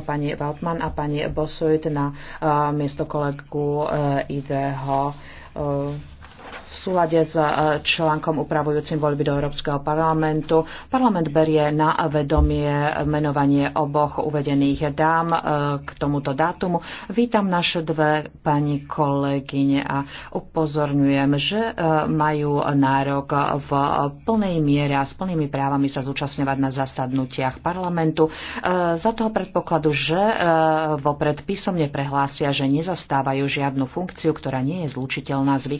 pani Waltman a pani Bosuit na eh, miesto kolegu eh, Ideho. Eh, súlade s e, článkom upravujúcim voľby do Európskeho parlamentu parlament berie na vedomie menovanie oboch uvedených dám e, k tomuto dátumu. Vítam naše dve pani kolegyne a upozorňujem, že e, majú nárok v plnej miere a s plnými právami sa zúčastňovať na zasadnutiach parlamentu za toho predpokladu, že vopred písomne prehlásia, že nezastávajú žiadnu funkciu, ktorá nie je zlučiteľná s